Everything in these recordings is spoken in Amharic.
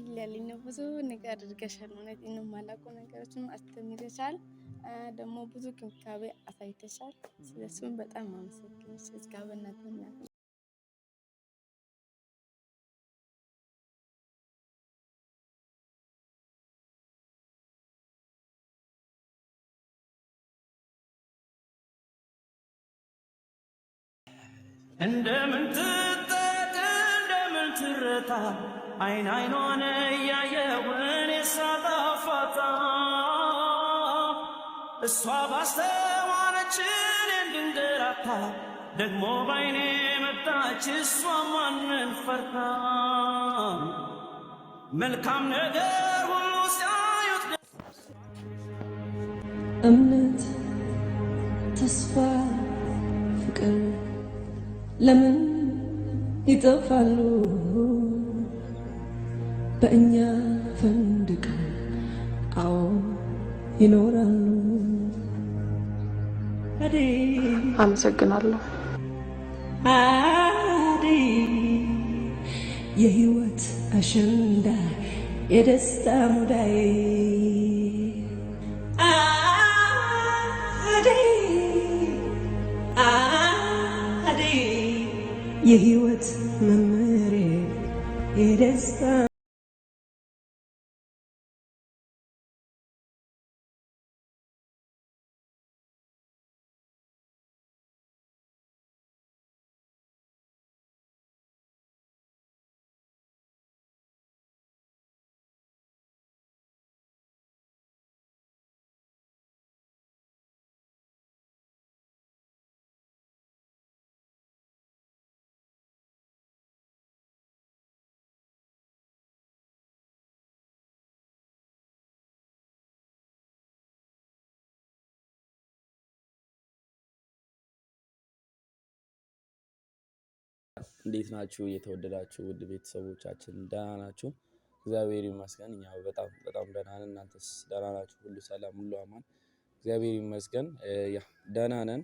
እያለኝ ነው። ብዙ ነገር አድርገሻል፣ እውነት የማላውቁ ነገሮችን አስተምረሻል፣ ደግሞ ብዙ ክብካቤ አሳይተሻል። ስለሱም በጣም አመሰግንሽ እዝጋበናትና እንደምን ትርታ አይን አይኗን እያየሁ እኔ ሳጠፋታ እሷ ባስተዋለችን እንድንገራታ ደግሞ ባይኔ መጣች እሷ ማንን ፈርታ መልካም ነገር ሁሉ ሲያዩት እምነት፣ ተስፋ፣ ፍቅር ለምን ይጠፋሉ በእኛ ፈንድቀው አዎ ይኖራሉ። አመሰግናለሁ። የህይወት አሸንዳ የደስታ ሙዳይ የህይወት መመሬ የደስታ እንዴት ናችሁ? የተወደዳችሁ ውድ ቤተሰቦቻችን ደህና ናችሁ? እግዚአብሔር ይመስገን እኛ በጣም በጣም ደህና ነን። እናንተስ ደህና ናችሁ? ሁሉ ሰላም፣ ሁሉ አማን? እግዚአብሔር ይመስገን ደህና ነን።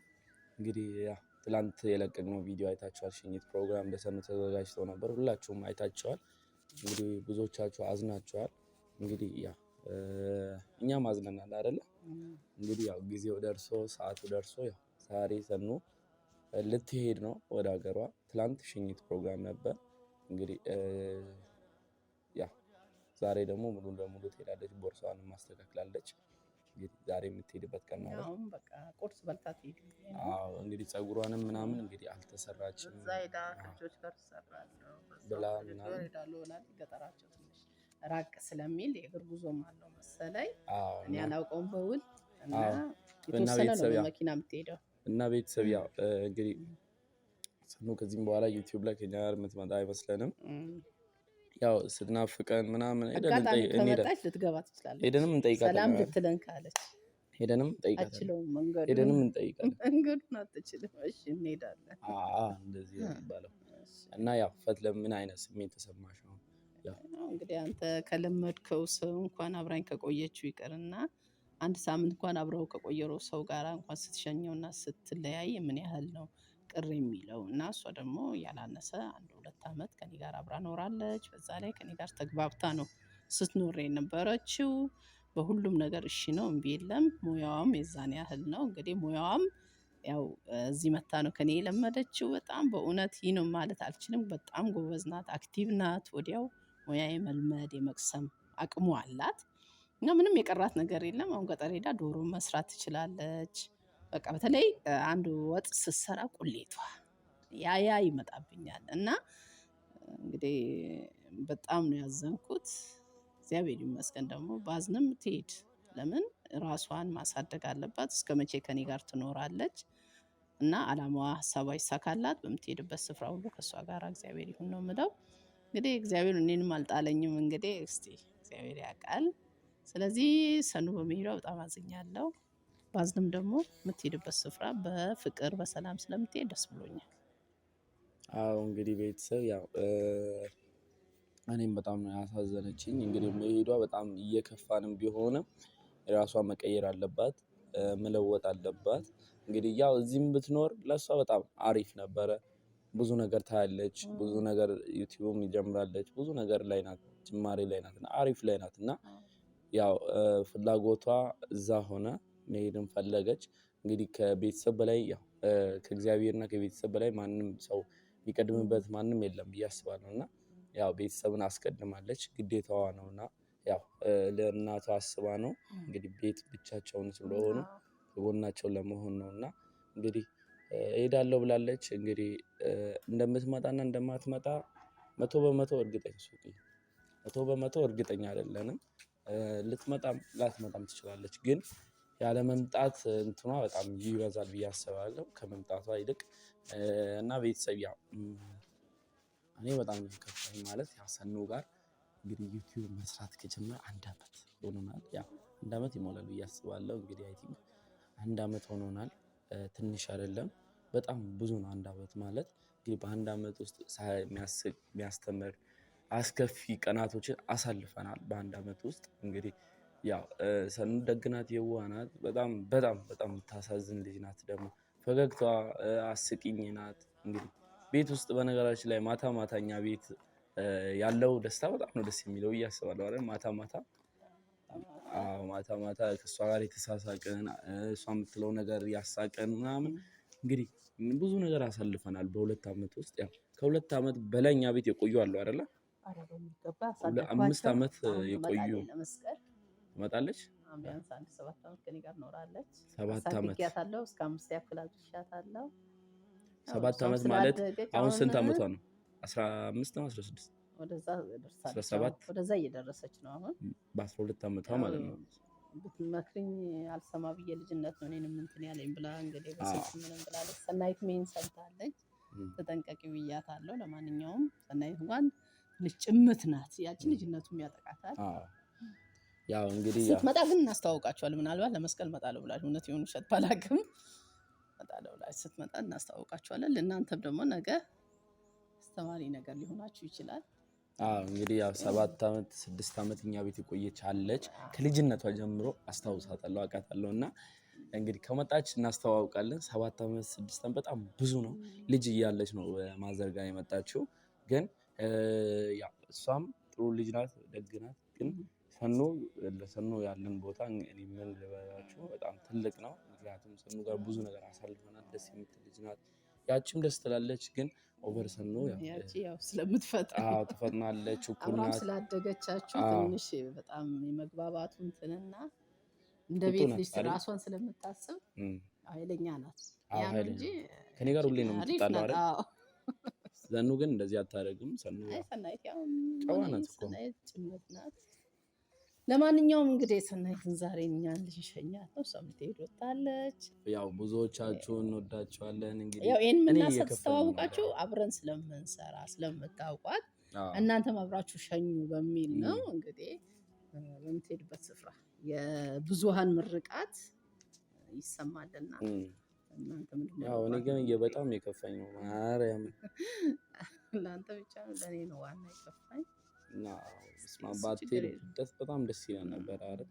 እንግዲህ ያ ትላንት የለቀቅነው ቪዲዮ አይታችኋል። ሽኝት ፕሮግራም በሰንበት ተዘጋጅቶ ነበር። ሁላችሁም አይታችኋል። እንግዲህ ብዙዎቻችሁ አዝናችኋል። እንግዲህ ያ እኛም አዝነናል አይደለ? እንግዲህ ያው ጊዜው ደርሶ ሰዓቱ ደርሶ ያው ዛሬ ሰኑ ልትሄድ ነው ወደ ሀገሯ ትላንት ሽኝት ፕሮግራም ነበር። እንግዲህ ያ ዛሬ ደግሞ ሙሉ ለሙሉ ትሄዳለች፣ ቦርሳዋን ማስተካክላለች። ዛሬ የምትሄድበት ቀን ነው። ቁርስ በልታ ትሄድ። እንግዲህ ጸጉሯንም ምናምን እንግዲህ አልተሰራችም ብላ ገጠራቸው ትንሽ ራቅ ስለሚል የእግር ጉዞም አለው መሰለኝ እኔ አላውቀውም በውል እና የተወሰነ ነው በመኪና የምትሄደው እና ቤተሰብ ያው እንግዲህ ነው። ከዚህም በኋላ ዩቲዩብ ላይ ከኛ ጋር የምትመጣ አይመስለንም። ያው ስትናፍቀን ምናምን ሄደንም እንጠይቃለን። ሰላም ልትለን ካለች ሄደንም እንጠይቃለን። እና ያው ፈት ለምን አይነት ስሜት ተሰማሽ ነው? እንግዲህ አንተ ከለመድከው ሰው እንኳን አብራኝ ከቆየችው ይቅርና አንድ ሳምንት እንኳን አብረው ከቆየረው ሰው ጋር እንኳን ስትሸኘውና ስትለያይ ምን ያህል ነው ቅር የሚለው እና እሷ ደግሞ ያላነሰ አንድ ሁለት ዓመት ከኔ ጋር አብራ ኖራለች። በዛ ላይ ከኔ ጋር ተግባብታ ነው ስትኖር የነበረችው። በሁሉም ነገር እሺ ነው፣ እምቢ የለም። ሙያዋም የዛን ያህል ነው። እንግዲህ ሙያዋም ያው እዚህ መታ ነው ከኔ የለመደችው። በጣም በእውነት ይህ ነው ማለት አልችልም። በጣም ጎበዝ ናት፣ አክቲቭ ናት። ወዲያው ሙያ የመልመድ የመቅሰም አቅሙ አላት እና ምንም የቀራት ነገር የለም። አሁን ገጠር ሄዳ ዶሮ መስራት ትችላለች። በቃ በተለይ አንድ ወጥ ስትሰራ ቁሌቷ ያ ያ ይመጣብኛል እና እንግዲህ በጣም ነው ያዘንኩት። እግዚአብሔር ይመስገን ደግሞ ባዝንም ትሄድ። ለምን ራሷን ማሳደግ አለባት። እስከ መቼ ከኔ ጋር ትኖራለች? እና አላማዋ ሀሳቧ ይሳካላት። በምትሄድበት ስፍራ ሁሉ ከእሷ ጋር እግዚአብሔር ይሁን ነው ምለው። እንግዲህ እግዚአብሔር እኔንም አልጣለኝም። እንግዲህ እስቲ እግዚአብሔር ያውቃል። ስለዚህ ሰኑ በመሄዷ በጣም አዝኛለሁ። ባዝንም ደግሞ የምትሄድበት ስፍራ በፍቅር በሰላም ስለምትሄድ ደስ ብሎኛል። አዎ እንግዲህ ቤተሰብ ያው እኔም በጣም ያሳዘነችኝ። እንግዲህ መሄዷ በጣም እየከፋንም ቢሆንም ራሷ መቀየር አለባት፣ መለወጥ አለባት። እንግዲህ ያው እዚህም ብትኖር ለእሷ በጣም አሪፍ ነበረ። ብዙ ነገር ታያለች፣ ብዙ ነገር ዩቲዩብም ይጀምራለች። ብዙ ነገር ላይ ናት፣ ጅማሬ ላይ ናት፣ አሪፍ ላይ ናት እና ያው ፍላጎቷ እዛ ሆነ መሄድን ፈለገች። እንግዲህ ከቤተሰብ በላይ ከእግዚአብሔርና ከቤተሰብ በላይ ማንም ሰው የሚቀድምበት ማንም የለም ብዬ አስባለሁ እና ያው ቤተሰብን አስቀድማለች ግዴታዋ ነው እና ያው ለእናቷ አስባ ነው እንግዲህ ቤት ብቻቸውን ስለሆኑ ጎናቸው ለመሆን ነው እና እንግዲህ እሄዳለሁ ብላለች። እንግዲህ እንደምትመጣና እንደማትመጣ መቶ በመቶ እርግጠኝ መቶ በመቶ እርግጠኛ አይደለንም። ልትመጣም ላትመጣም ትችላለች ግን ያለመምጣት እንትኗ በጣም ይበዛል ብዬ አስባለሁ ከመምጣቷ ይልቅ እና ቤተሰብ ያው እኔ በጣም ከፋኝ ማለት ሰኖ ጋር እንግዲህ ዩቲዩብ መስራት ከጀመረ አንድ አመት ሆኖናል። ያው አንድ አመት ይሞላል ብዬ አስባለሁ። እንግዲህ አይ ቲንክ አንድ አመት ሆኖናል። ትንሽ አይደለም፣ በጣም ብዙ ነው። አንድ አመት ማለት እንግዲህ በአንድ አመት ውስጥ የሚያስተምር አስከፊ ቀናቶችን አሳልፈናል። በአንድ አመት ውስጥ እንግዲህ ያው ሰኑ ደግናት፣ የዋናት በጣም በጣም በጣም የምታሳዝን ልጅ ናት። ደግሞ ፈገግታዋ አስቂኝ ናት። እንግዲህ ቤት ውስጥ በነገራችን ላይ ማታ ማታኛ ቤት ያለው ደስታ በጣም ነው ደስ የሚለው እያስባለሁ አይደል? ማታ ማታ ማታ ማታ ከእሷ ጋር የተሳሳቅን እሷ የምትለው ነገር ያሳቀን ምናምን እንግዲህ ብዙ ነገር አሳልፈናል በሁለት ዓመት ውስጥ ያው ከሁለት ዓመት በላይኛ ቤት የቆዩ አለው አይደለ? አምስት ዓመት የቆዩ ትመጣለች። ቢያንስ አንድ ሰባት ዓመት ከኔ ጋር ኖራለች። ሰባት ዓመት ያታለው እስከ አምስት ያክል ሰባት ዓመት ማለት አሁን ስንት ዓመቷ ነው? አስራ አምስት ነው አስራ ስድስት ወደዛ እየደረሰች ነው። አሁን በአስራ ሁለት ዓመቷ ማለት ነው። ብትመክርኝ አልሰማ ብዬ ልጅነት ነው እኔንም እንትን ያለኝ ብላ እንግዲህ በስልክ ምንም ብላለች። ሰናይት ሜን ሰምታለች። ተጠንቀቂ ብያታለሁ። ለማንኛውም ሰናይት እንኳን ልጭምት ናት። ያችን ልጅነቱም ያጠቃታል ያው እንግዲህ ስትመጣ ግን እናስተዋውቃቸዋለን። ምናልባት ለመስቀል እመጣለሁ ብላችሁ እውነት የሆኑ ውሸት ባላቅም እመጣለሁ ብላችሁ ስትመጣ እናስተዋውቃቸዋለን። ለእናንተም ደግሞ ነገ አስተማሪ ነገር ሊሆናችሁ ይችላል። እንግዲህ ያው ሰባት ዓመት ስድስት ዓመት እኛ ቤት የቆየች አለች። ከልጅነቷ ጀምሮ አስታውሳታለሁ፣ አውቃታለሁ እና እንግዲህ ከመጣች እናስተዋውቃለን። ሰባት ዓመት ስድስት ዓመት በጣም ብዙ ነው። ልጅ እያለች ነው ማዘርጋ የመጣችው። ግን እሷም ጥሩ ልጅ ናት፣ ደግ ናት ግን ሰኖ ለሰኖ ያለን ቦታ እኔ ምን ልበላችሁ በጣም ትልቅ ነው። ምክንያቱም ሰኖ ጋር ብዙ ነገር አሳልፈናል። ደስ የምትል ልጅ ናት። ያችም ደስ ትላለች፣ ግን ኦቨር ሰኖ ስለምትፈጥን ትፈጥናለች። አብራም ስላደገቻችሁ ትንሽ በጣም የመግባባቱ እንትንና እንደ ቤት ልጅ ራሷን ስለምታስብ ኃይለኛ ናት። ከኔ ጋር ሁሌ ነው የምትጣላ አይደል? ሰኖ ግን እንደዚህ አታደርግም። ሰኖ ጨዋ ናት እኮ ናት ለማንኛውም እንግዲህ የሰናይትን ዛሬ እኛ ልንሸኛት ነው። ሰምትሄድ ወጣለች። ያው ብዙዎቻችሁን እንወዳችኋለን። እንግዲህ ይህን የምናስተዋውቃችሁ አብረን ስለምንሰራ ስለምታውቋት እናንተም አብራችሁ ሸኙ በሚል ነው። እንግዲህ በምትሄድበት ስፍራ የብዙሀን ምርቃት ይሰማልና እኔ ግን በጣም የከፋኝ ነው። ማርያም ለአንተ ብቻ ለእኔ ነው ዋና የከፋኝ እና በጣም ደስ ይለን ነበር አይደል?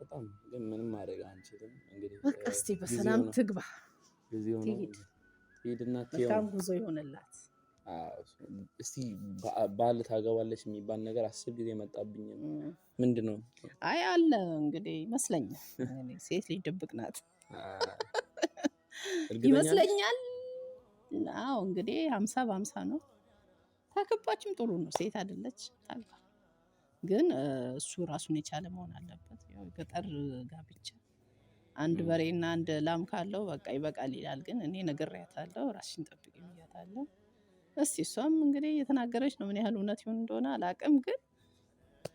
በጣም ግን ምንም ማድረግ አንችልም። እንግዲህ በቃ እስቲ በሰላም ትግባ ሄድና በጣም ጉዞ ይሆንላት። እስቲ ባል ታገባለች የሚባል ነገር አስር ጊዜ መጣብኝ። ምንድን ነው አይ አለ እንግዲህ ይመስለኛል። ሴት ልጅ ድብቅ ናት ይመስለኛል። አዎ እንግዲህ ሀምሳ በሀምሳ ነው ታገባችም ጥሩ ነው። ሴት አይደለች ታግባ፣ ግን እሱ ራሱን የቻለ መሆን አለበት። ያው ገጠር ጋብቻ አንድ በሬና አንድ ላም ካለው በቃ ይበቃል ይላል። ግን እኔ ነግሬያታለሁ፣ ራስሽን ጠብቂ ብያታለሁ። እስቲ እሷም እንግዲህ እየተናገረች ነው። ምን ያህል እውነት ይሁን እንደሆነ አላቅም። ግን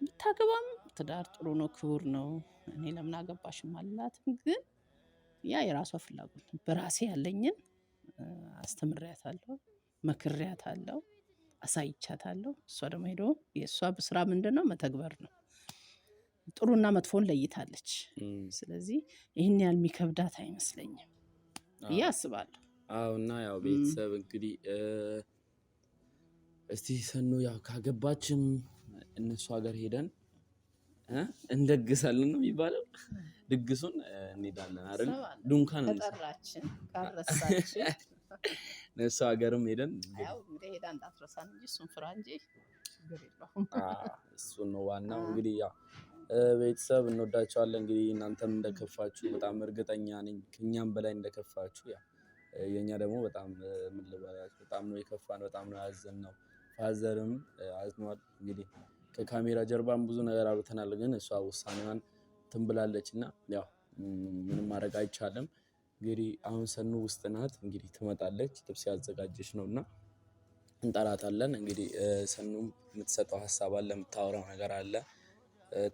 ብታገባም ትዳር ጥሩ ነው፣ ክቡር ነው። እኔ ለምን አገባሽም አልላትም። ግን ያ የራሷ ፍላጎት ነው። በራሴ ያለኝን አስተምሬያታለሁ፣ መክሬያታለሁ። አሳይቻታለሁ። እሷ ደግሞ ሄዶ የእሷ ስራ ምንድን ነው መተግበር ነው። ጥሩና መጥፎን ለይታለች። ስለዚህ ይህን ያህል የሚከብዳት አይመስለኝም ብዬ አስባለሁ። አዎ እና ያው ቤተሰብ እንግዲህ እስቲ ሰኖ ያው ካገባችም እነሱ ሀገር ሄደን እንደግሳለን ነው የሚባለው። ድግሱን እንሄዳለን አይደል? ካረሳችን ነሱ ሀገርም ሄደን እንግዲህ ሄዳ እንዳትረሳን እንጂ እሱን ፍራ እንጂ ችግር የለውም። እሱን ነው ዋናው። እንግዲህ ያው ቤተሰብ እንወዳቸዋለን። እንግዲህ እናንተም እንደከፋችሁ በጣም እርግጠኛ ነኝ፣ ከኛም በላይ እንደከፋችሁ። ያው የእኛ ደግሞ በጣም ምን ልበላችሁ፣ በጣም ነው የከፋን፣ በጣም ነው ያዘን ነው። ፋዘርም አዝኗል። እንግዲህ ከካሜራ ጀርባም ብዙ ነገር አውርተናል፣ ግን እሷ ውሳኔዋን ትንብላለች እና ያው ምንም ማድረግ አይቻልም። እንግዲህ አሁን ሰኑ ውስጥ ናት። እንግዲህ ትመጣለች። ልብስ ያዘጋጀች ነው እና እንጠራታለን። እንግዲህ ሰኑም የምትሰጠው ሀሳብ አለ፣ የምታወራው ነገር አለ።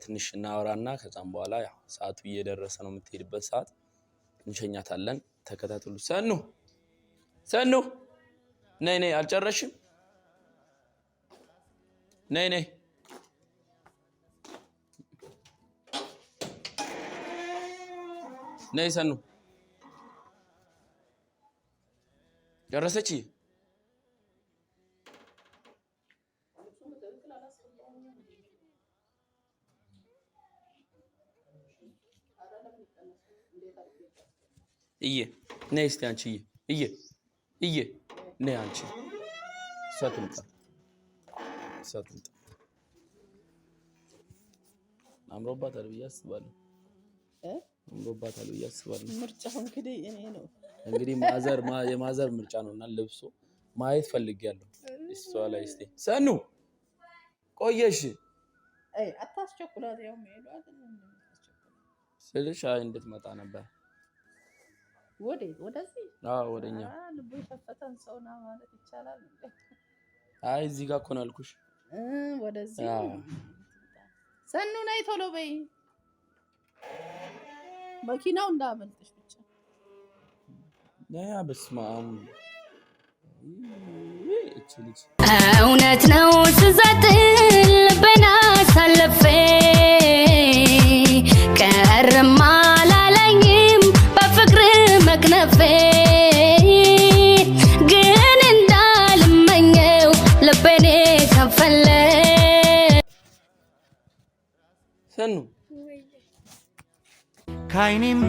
ትንሽ እናወራና ከዛም በኋላ ሰዓቱ እየደረሰ ነው፣ የምትሄድበት ሰዓት እንሸኛታለን። ተከታተሉ። ሰኑ ሰኑ፣ ነይ ነይ፣ አልጨረሽም? ነይ ነይ ነይ፣ ሰኑ ደረሰች። እየ ነይ እስቲ አንቺ እየ እየ ነይ አንቺ እሷ ትምጣ እሷ ትምጣ። አምሮባታል ብዬ አስባለሁ። አምሮባታል ብዬ አስባለሁ። ምርጫው እንግዲህ እኔ ነው። እንግዲህ ማዘር የማዘር ምርጫ ነው እና ልብሶ ማየት ፈልጌያለሁ። እሷ ላይ እስቲ ሰኑ ቆየሽ ስልሽ አይ እንድትመጣ ነበር ወደኛ። አይ እዚህ ጋር እኮ ነው ያልኩሽ። ወደዚህ ሰኑ ነይ ቶሎ በይ መኪናው እንዳመልጥሽ እውነት ነው ስዘጥን ልቤን አሳልፌ ቀርም አላለኝም በፍቅር መክነፌ ግን እንዳልመኘው ልቤን ከፈለ ሰኑ ከዓይኔም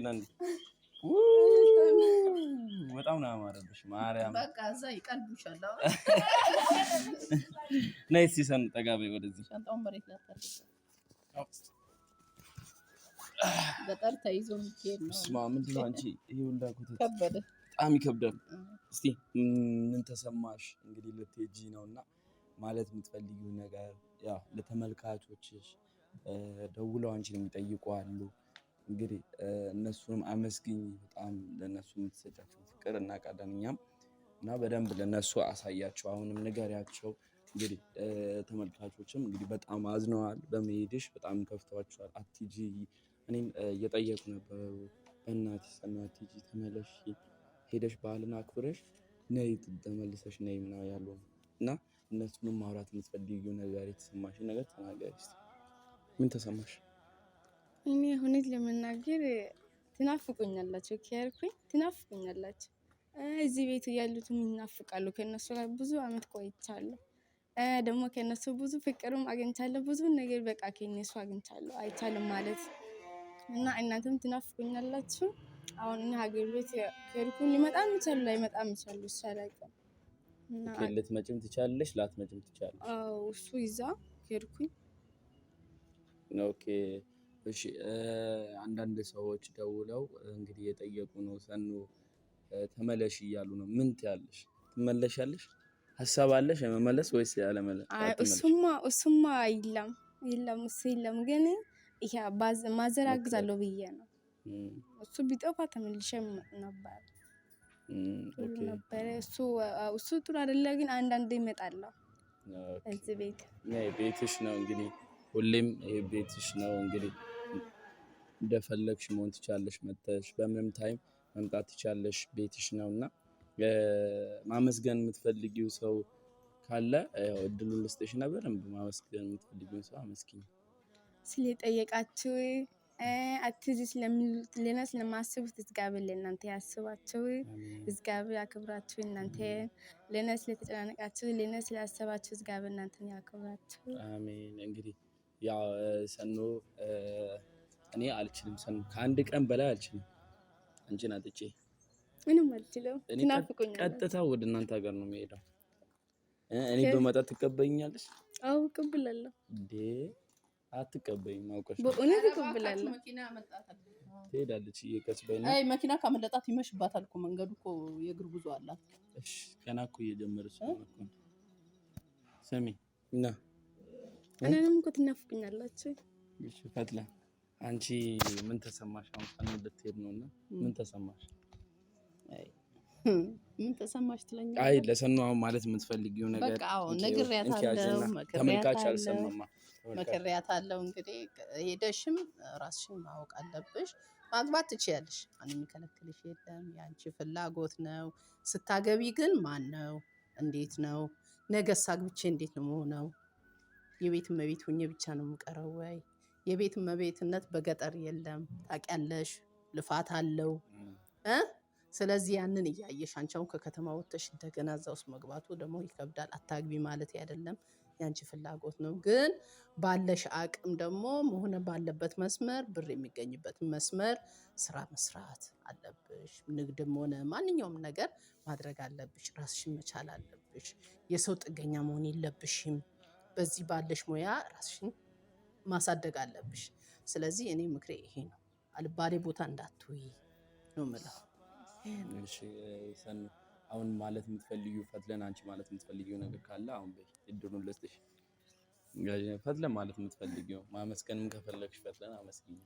በጣም ነው ያማረብሽ። ማርያም በቃ እዛ ይቀልብሻል። ነይ ሲሰን እስኪ ሰን ጠጋ በይ ወደዚህ። በጣም ተይዞ የሚሄድ ነው። ስማ ምንድን ነው አንቺ ይሄ እንዳኩት ከበደ፣ በጣም ይከብዳል። እስቲ ምን ተሰማሽ? እንግዲህ ልትሄጂ ነው እና ማለት የምትፈልጊው ነገር ያው ለተመልካቾችሽ ደውለው አንቺን የሚጠይቁ አሉ እንግዲህ እነሱንም አመስግኝ። በጣም ለእነሱ የምትሰጫቸው ፍቅር እናውቃለን እኛም እና በደንብ ለእነሱ አሳያቸው። አሁንም ንገሪያቸው። እንግዲህ ተመልካቾችም እንግዲህ በጣም አዝነዋል በመሄድሽ፣ በጣም ከፍተዋቸዋል። አትጂ እኔም እየጠየቁ ነበረ በእናትሽ አትጂ ተመለሽ፣ ሄደሽ ባህልን አክብረሽ ነይ ተመልሰሽ ነይ ምናምን ያሉ እና እነሱንም ማውራት የምትፈልጊው ነገር የተሰማሽ ነገር ተናገሪ። ምን ተሰማሽ? እኔ እውነት ለመናገር ትናፍቁኛላችሁ ከያልኩኝ ትናፍቁኛላችሁ። እዚህ ቤት ያሉትም ይናፍቃሉ። ከነሱ ጋር ብዙ አመት ቆይቻለሁ። ደግሞ ከነሱ ብዙ ፍቅርም አግኝቻለሁ። ብዙ ነገር በቃ ከነሱ አግኝቻለሁ። አይቻልም ማለት እና እናንተም ትናፍቁኛላችሁ። አሁን እኔ ሀገር ቤት ከሄድኩኝ ሊመጣም ይችላሉ ላይመጣም ይችላሉ ይሻላል። ልትመጭም ትቻለሽ ላትመጭም ትቻለሽ። እሱ ይዛ ከሄድኩኝ ኦኬ እሺ አንዳንድ ሰዎች ደውለው እንግዲህ የጠየቁ ነው ሰኑ ተመለሽ እያሉ ነው። ምን ትያለሽ? ትመለሻለሽ? ሀሳብ አለሽ የመመለስ ወይስ ያለመለስ? እሱማ እሱማ የለም የለም እሱ የለም። ግን ይሄ ማዘር አግዛለሁ ብዬ ነው። እሱ ቢጠፋ ተመልሼ ነበር ነበረ። እሱ እሱ ጥሩ አይደለ። ግን አንዳንድ ይመጣለሁ እዚህ ቤት ቤትሽ ነው እንግዲህ ሁሌም ይሄ ቤትሽ ነው እንግዲህ እንደፈለግሽ መሆን ትቻለሽ። መተሽ በምንም ታይም መምጣት ትቻለሽ። ቤትሽ ነው እና ማመስገን የምትፈልጊው ሰው ካለ እድሉን ልስጥሽ ነበር። ማመስገን የምትፈልጊው ሰው አመስግኝ። ስለጠየቃችሁ አትዚ ስለሚሉት ሌላ ስለማስቡት እግዚአብሔር ለእናንተ ያስባችሁ፣ እግዚአብሔር ያክብራችሁ። እናንተ ሌላ ስለተጨናነቃችሁ፣ ሌላ ስላሰባችሁ እግዚአብሔር እናንተን ያክብራችሁ። አሜን እንግዲህ ያው ሰኖ እኔ አልችልም። ሰኖ ከአንድ ቀን በላይ አልችልም። አንቺን አጥቼ ምንም አልችልም። ቀጥታ ወደ እናንተ ሀገር ነው የሚሄደው። እኔ በመጣ ትቀበኛለች? አዎ እቀበላለሁ። እንዴ አትቀበኝ አውቀሽ በእውነት እቀበላለሁ። ትሄዳለች እየቀስ በይ። አይ መኪና ካመለጣት ይመሽባታል እኮ መንገዱ እኮ የእግር ጉዞ አላት። እሺ ገና እኮ እየጀመረች ነው። ስሚ እና እኔንም እኮ ትናፍቁኛላችሁ። አንቺ ምን ተሰማሽ? አሁን ልትሄድ ነው እና ምን ተሰማሽ? ምን ተሰማሽ ትለኛለህ? አይ ለሰኑ አሁን ማለት የምትፈልጊው ነገር ነግሬያታለሁ። ተመልካች አልሰማማ መክሬያታለሁ። እንግዲህ ሄደሽም ራስሽን ማወቅ አለብሽ። ማግባት ትችያለሽ፣ ማንም የሚከለክልሽ የለም። የአንቺ ፍላጎት ነው። ስታገቢ ግን ማን ነው? እንዴት ነው? ነገ እንዴት ነው መሆነው የቤት እመቤት ሁኜ ብቻ ነው የምቀረው ወይ? የቤት እመቤትነት በገጠር የለም ታውቂያለሽ፣ ልፋት አለው ስለዚህ ያንን እያየሽ አንቺ አሁን ከከተማ ወጥተሽ እንደገና እዛ ውስጥ መግባቱ ደግሞ ይከብዳል። አታግቢ ማለት አይደለም ያንቺ ፍላጎት ነው። ግን ባለሽ አቅም ደግሞ መሆነ ባለበት መስመር ብር የሚገኝበት መስመር ስራ መስራት አለብሽ። ንግድም ሆነ ማንኛውም ነገር ማድረግ አለብሽ። ራስሽን መቻል አለብሽ። የሰው ጥገኛ መሆን የለብሽም። በዚህ ባለሽ ሙያ ራስሽን ማሳደግ አለብሽ። ስለዚህ እኔ ምክሬ ይሄ ነው፣ አልባሌ ቦታ እንዳትውይ ነው የምለው። አሁን ማለት የምትፈልዩ ፈትለን፣ አንቺ ማለት የምትፈልጊው ነገር ካለ አሁን እድሉን ልስጥሽ። ፈትለን ማለት የምትፈልጊው ማመስገንም ከፈለግሽ ፈትለን አመስግኝ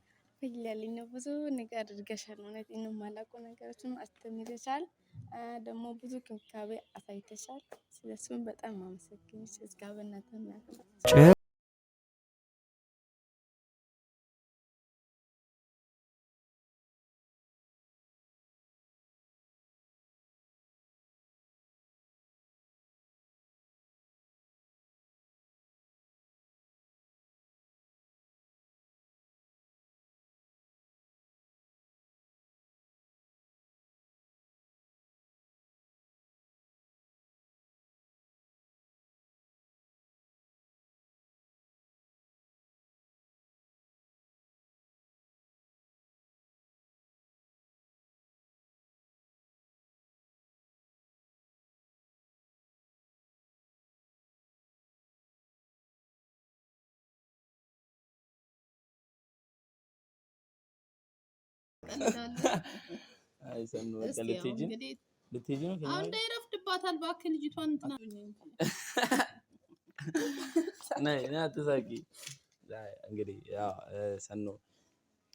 እያለኝ ነው። ብዙ ነገር አድርገሻል። እውነት የማላውቁ ነገሮችን አስተምረሻል። ደግሞ ብዙ ክብካቤ አሳይተሻል። ስለሱም በጣም አመሰግንሽ። እዝጋ በእናትህ አንዴ ይረፍድባታል። እባክህ ልጅቷን እንትና እንግዲህ ሰኖ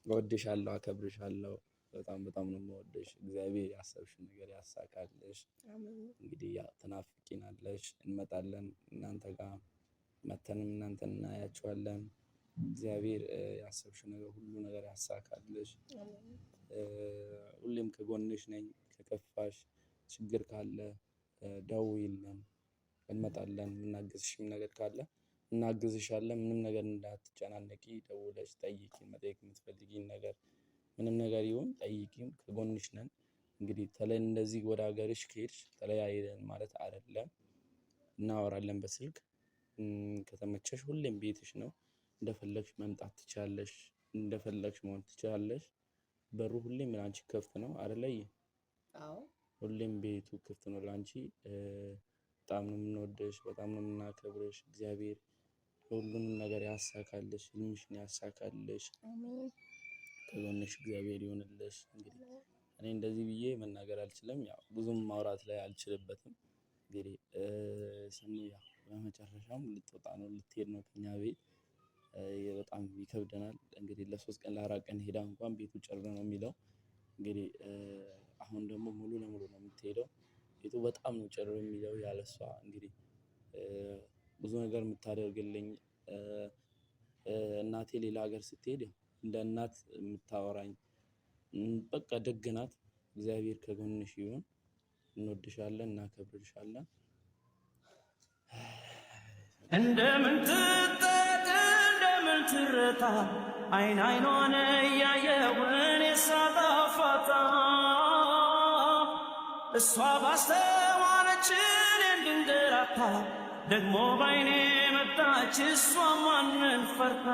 እወድሻለሁ፣ አከብርሻለሁ። በጣም በጣም ነው የምወደሽ። እግዚአብሔር ያሰብሽን ነገር ያሳካልሽ። እንግዲህ ያው ትናፍቂናለሽ፣ እንመጣለን እናንተ ጋር መተንም እናንተን እናያችኋለን። እግዚአብሔር ያሰብሽ ነገር ሁሉ ነገር ያሳካልሽ። ሁሌም ከጎንሽ ነኝ። ከከፋሽ ችግር ካለ ደውዪልን፣ እንመጣለን። የምናግዝሽም ነገር ካለ እናግዝሻለን። ምንም ነገር እንዳትጨናነቂ፣ ደውለሽ ጠይቂ። መጠየቅ የምትፈልጊን ነገር ምንም ነገር ይሁን ጠይቂም፣ ከጎንሽ ነን። እንግዲህ ተለይ እንደዚህ ወደ ሀገርሽ ከሄድሽ ተለያየን ማለት አይደለም። እናወራለን በስልክ ከተመቸሽ፣ ሁሌም ቤትሽ ነው። እንደፈለግሽ መምጣት ትችላለሽ፣ እንደፈለግሽ መሆን ትችላለሽ። በሩ ሁሌም ለአንቺ ክፍት ነው አደለይ? ሁሌም ቤቱ ክፍት ነው ለአንቺ። በጣም ነው የምንወደሽ፣ በጣም ነው የምናከብረሽ። እግዚአብሔር ሁሉንም ነገር ያሳካልሽ፣ ህልምሽን ያሳካልሽ፣ ከጎንሽ እግዚአብሔር ይሆንልሽ። እንግዲህ እኔ እንደዚህ ብዬ መናገር አልችልም፣ ያው ብዙም ማውራት ላይ አልችልበትም። እንግዲህ ስኒ በመጨረሻም ልትወጣ ነው ልትሄድ ነው ከኛ ቤት በጣም ይከብደናል። እንግዲህ ለሶስት ቀን ለአራት ቀን ሄዳ እንኳን ቤቱ ጭር ነው የሚለው። እንግዲህ አሁን ደግሞ ሙሉ ለሙሉ ነው የምትሄደው። ቤቱ በጣም ነው ጭር የሚለው ያለሷ እንግዲህ ብዙ ነገር የምታደርግልኝ እናቴ ሌላ ሀገር ስትሄድ እንደ እናት የምታወራኝ በቃ ደግ ናት። እግዚአብሔር ከጎንሽ ይሁን። እንወድሻለን፣ እናከብርሻለን። እንደምንትጠ ትርታ አይን አይኗን እያየሁ እኔ ሳጠፋታ እሷ ባስተዋለችን እንድንገራታ ደግሞ ባይኔ መጣች እሷ ማንን ፈርታ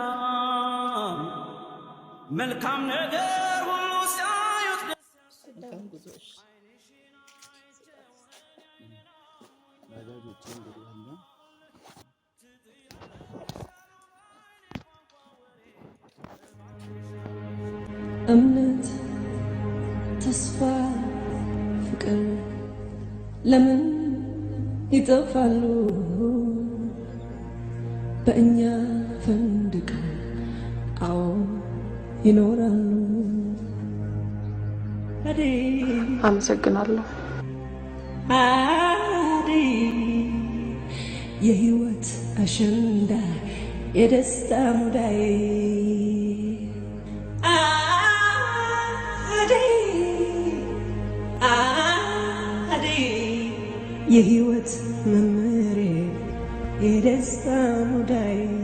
መልካም ነገር ሁሉ ሲያዩት ደስ እምነት፣ ተስፋ፣ ፍቅር ለምን ይጠፋሉ በእኛ ፈንድቅ አዎ ይኖራሉ። አመሰግናለሁ። የህይወት አሸንዳ የደስታ ሙዳይ የህይወት መመሬ የደስታ ሙዳይ